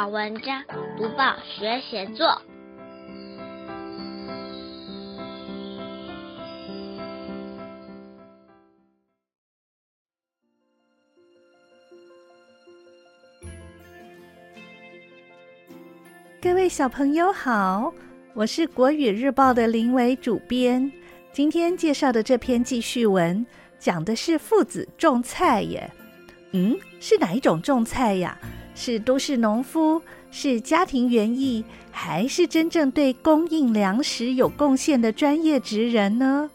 好文章，讀報學寫作。做，各位小朋友好，我是國語日報的林偉主編。今天介紹的這篇記敘文，講的是父子種菜耶。嗯，是哪一種種菜呀？是都市農夫，是家庭園藝，還是真正對供應糧食有貢獻的專業職人呢？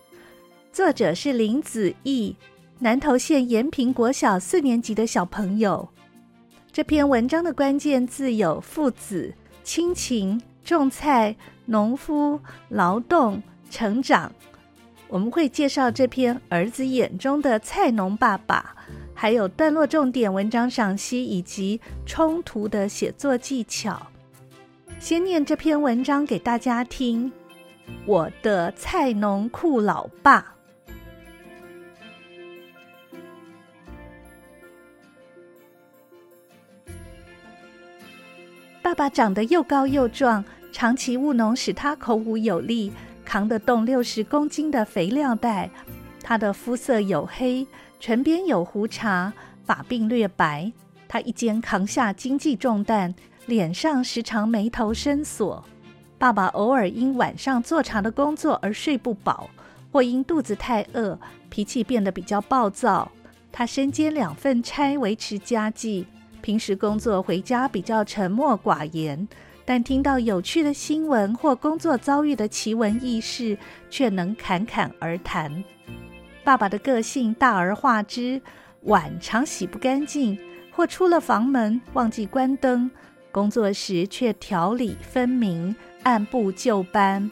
作者是林子繹，南投縣延平國小四年級的小朋友。這篇文章的關鍵字有父子、親情、種菜、農夫、勞動、成長。我們會介紹這篇兒子眼中的菜農爸爸。還有段落重點、文章賞析以及衝突的寫作技巧。先念這篇文章給大家聽：我的菜農酷老爸。爸爸長得又高又壯，長期務農使他孔武有力，扛得動六十公斤的肥料袋。他的膚色黝黑，唇邊有胡茬，髮鬢略白。他一肩扛下經濟重擔，臉上時常眉頭深鎖。爸爸偶爾因晚上做茶的工作而睡不飽，或因肚子太餓，脾氣變得比較暴躁。他身兼兩份差維持家計，平時工作回家比較沉默寡言，但聽到有趣的新聞或工作遭遇的奇聞異事，卻能侃侃而談。爸爸的個性大而化之，碗常洗不乾淨，或出了房門忘記關燈。工作時卻條理分明，按部就班。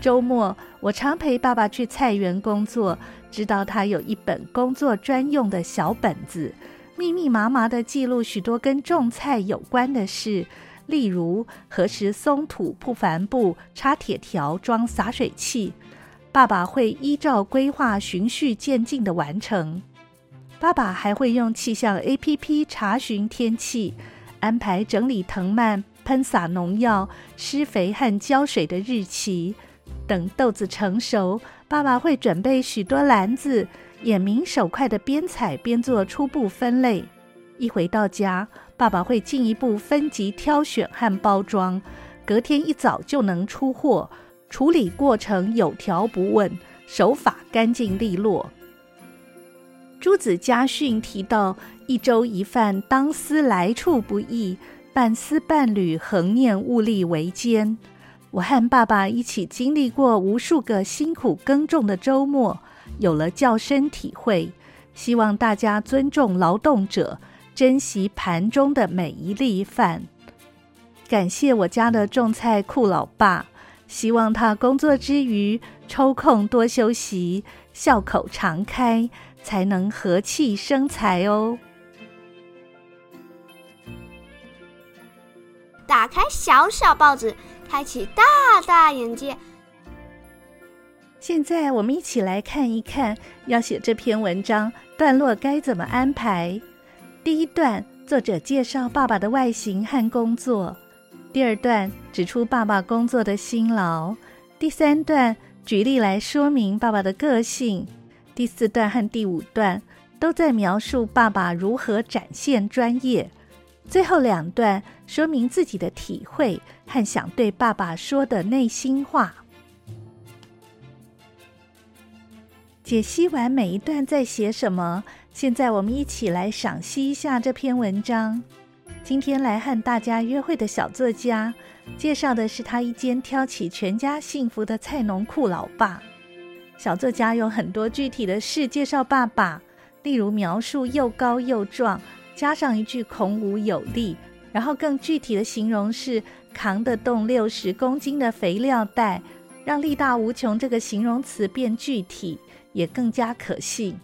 周末我常陪爸爸去菜園工作，知道他有一本工作專用的小本子，密密麻麻地記錄許多跟種菜有關的事，例如何時鬆土、鋪帆布、插鐵條、裝灑水器。爸爸會依照規劃循序漸進的完成。爸爸還會用氣象 APP 查詢天氣，安排整理藤蔓、噴灑農藥、施肥和澆水的日期。等豆子成熟，爸爸會準備許多籃子，眼明手快的邊採邊做初步分類。一回到家，爸爸會進一步分級挑選和包裝，隔天一早就能出貨。處理過程有條不紊，手法乾淨利落。《朱子家訓》提到：“一粥一飯，當思來處不易；半絲半縷，恆念物力維艱。”我和爸爸一起經歷過無數個辛苦耕種的周末，有了較深體會。希望大家尊重勞動者，珍惜盤中的每一粒飯。感謝我家的種菜酷老爸。希望他工作之餘抽空多休息，笑口常開，才能和氣生財哦。打開小小報紙，開啟大大眼界。現在我們一起來看一看，要寫這篇文章段落該怎麼安排。第一段，作者介紹爸爸的外形和工作。第二段指出爸爸工作的辛勞，第三段舉例來說明爸爸的個性，第四段和第五段都在描述爸爸如何展現專業，最後兩段說明自己的體會和想對爸爸說的內心話。解析完每一段在寫什麼，現在我們一起來賞析一下這篇文章。今天來和大家約會的小作家，介紹的是他一肩挑起全家幸福的菜農酷老爸。小作家有很多具體的事介紹爸爸，例如描述又高又壯，加上一句孔武有力，然後更具體的形容是扛得動六十公斤的肥料袋，讓力大無窮這個形容詞變具體，也更加可信。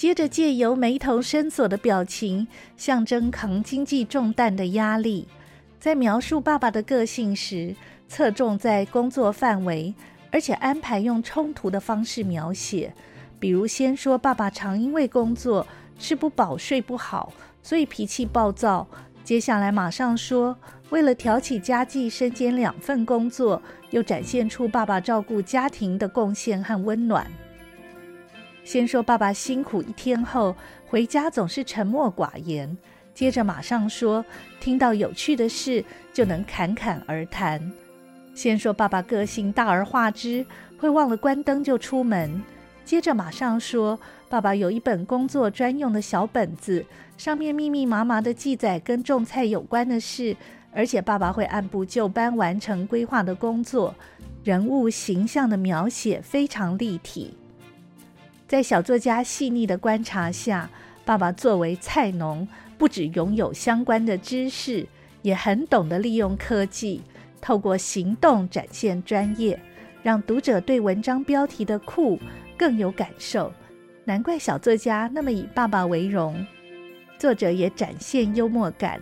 接着借由眉頭深鎖的表情，象徵扛經濟重擔的壓力。在描述爸爸的個性時，側重在工作範圍，而且安排用衝突的方式描寫。比如先說爸爸常因為工作吃不飽睡不好，所以脾氣暴躁。接下來馬上說，為了挑起家計，身兼兩份工作，又展現出爸爸照顧家庭的貢獻和溫暖。先說爸爸辛苦一天後回家總是沉默寡言，接着馬上說聽到有趣的事就能侃侃而談。先說爸爸個性大而化之，會忘了關燈就出門，接着馬上說爸爸有一本工作專用的小本子，上面密密麻麻的記載跟種菜有關的事，而且爸爸會按部就班完成規劃的工作。人物形象的描寫非常立體。在小作家細膩的觀察下，爸爸作為菜農，不只擁有相關的知識，也很懂得利用科技，透過行動展現專業，讓讀者對文章標題的酷更有感受。難怪小作家那麼以爸爸為榮。作者也展現幽默感，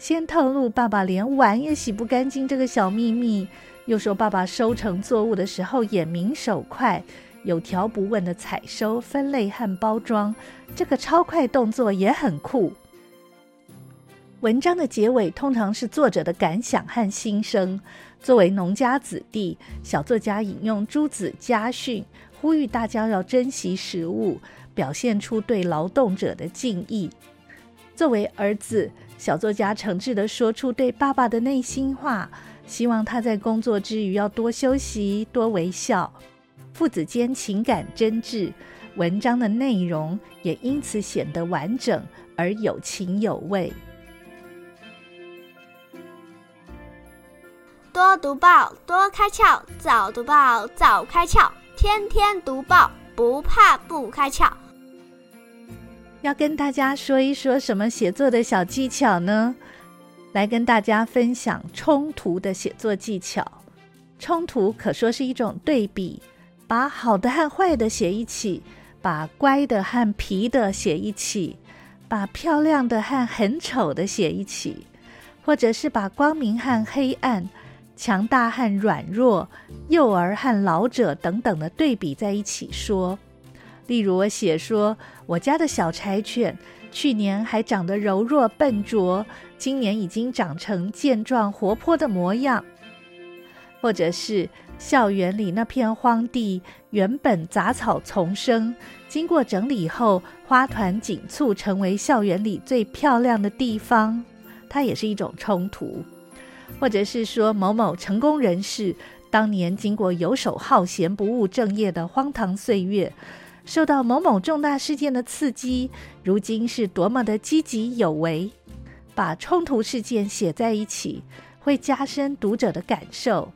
先透露爸爸連碗也洗不乾淨這個小秘密，又說爸爸收成作物的時候眼明手快。有條不紊的採收、分類和包裝，這個超快動作也很酷。文章的結尾通常是作者的感想和心聲。作為農家子弟，小作家引用《朱子家訓》，呼籲大家要珍惜食物，表現出對勞動者的敬意。作為兒子，小作家誠摯地說出對爸爸的內心話，希望他在工作之餘要多休息、多微笑。父子間情感真摯，文章的內容也因此顯得完整而有情有味。多讀報，多開竅；早讀報，早開竅；天天讀報，不怕不開竅。要跟大家說一說什麼寫作的小技巧呢？來跟大家分享衝突的寫作技巧。衝突可說是一種對比。把好的和壞的寫一起，把乖的和皮的寫一起，把漂亮的和很醜的寫一起，或者是把光明和黑暗、強大和軟弱、幼兒和老者等等的對比在一起說。例如，我寫說，我家的小柴犬去年還長得柔弱笨拙，今年已經長成健壯活潑的模樣，或者是。校園裡那片荒地原本雜草叢生，經過整理後花團錦簇，成為校園裡最漂亮的地方。它也是一種衝突，或者是說某某成功人士當年經過遊手好閒、不務正業的荒唐歲月，受到某某重大事件的刺激，如今是多麼的積極有為。把衝突事件寫在一起，會加深讀者的感受。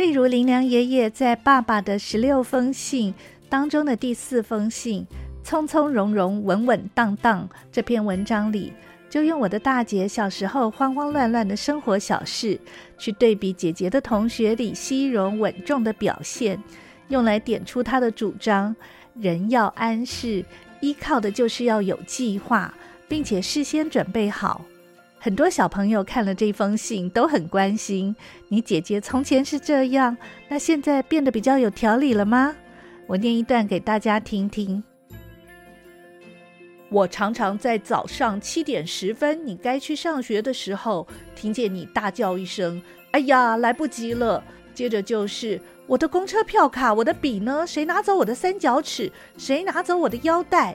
例如林良爺爺在《爸爸的十六封信》當中的第四封信《從從容容，穩穩當當》這篇文章裡，就用我的大姐小時候慌慌亂亂的生活小事，去對比姐姐的同學李希容穩重的表現，用來點出她的主張：人要安適，依靠的就是要有計劃，並且事先準備好。很多小朋友看了這封信都很關心，你姐姐從前是這樣，那現在變得比較有條理了嗎？我念一段給大家聽聽。我常常在早上七點十分，你該去上學的時候，聽見你大叫一聲：“哎呀，來不及了！”接着就是：“我的公車票卡，我的筆呢？誰拿走我的三角尺？誰拿走我的腰帶？”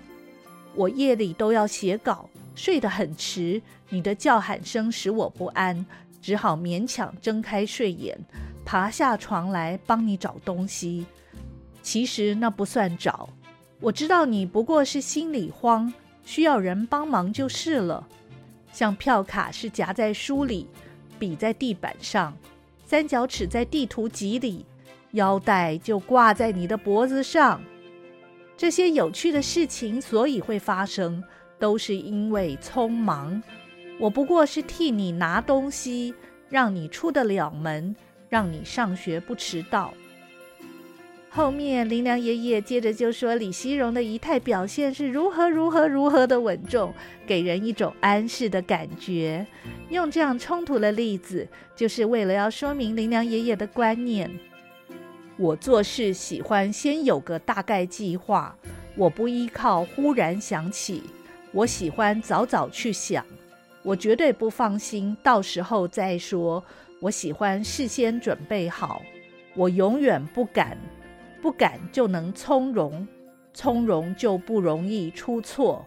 我夜裡都要寫稿。睡得很遲，你的叫喊聲使我不安，只好勉強睜開睡眼，爬下床來幫你找東西。其實那不算找，我知道你不過是心裡慌，需要人幫忙就是了。像票卡是夾在書裡，筆在地板上，三角尺在地圖集裡，腰帶就掛在你的脖子上。這些有趣的事情，所以會發生。都是因為匆忙，我不過是替你拿東西，讓你出得了門，讓你上學不遲到。後面林良爺爺接着就說：“李西榮的儀態表現是如何如何如何的穩重，給人一種安適的感覺。”用這樣衝突的例子，就是為了要說明林良爺爺的觀念。我做事喜歡先有個大概計劃，我不依靠忽然想起。我喜歡早早去想，我絕對不放心，到時候再說。我喜歡事先準備好，我永遠不敢，不敢就能從容，從容就不容易出錯。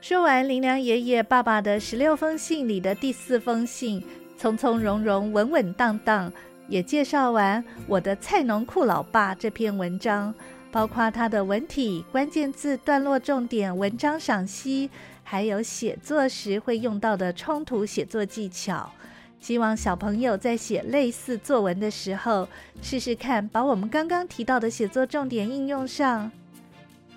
說完林良爺爺爸爸的十六封信裡的第四封信，從從容容，穩穩當當，也介紹完我的菜農酷老爸這篇文章。包括它的文體、關鍵字、段落重點、文章賞析，還有寫作時會用到的衝突寫作技巧。希望小朋友在寫類似作文的時候，試試看把我們剛剛提到的寫作重點應用上。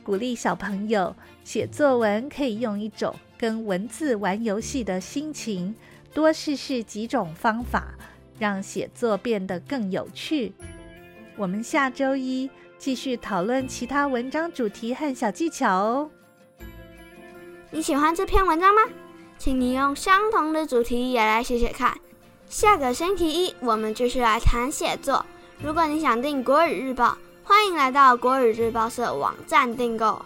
鼓勵小朋友寫作文可以用一種跟文字玩遊戲的心情，多試試幾種方法，讓寫作變得更有趣。我們下周一，繼續討論其他文章主題和小技巧哦。你喜歡這篇文章嗎？請你用相同的主題也來寫寫看。下個星期一，我們繼續來談寫作。如果你想訂國語日報，歡迎來到國語日報社網站訂購。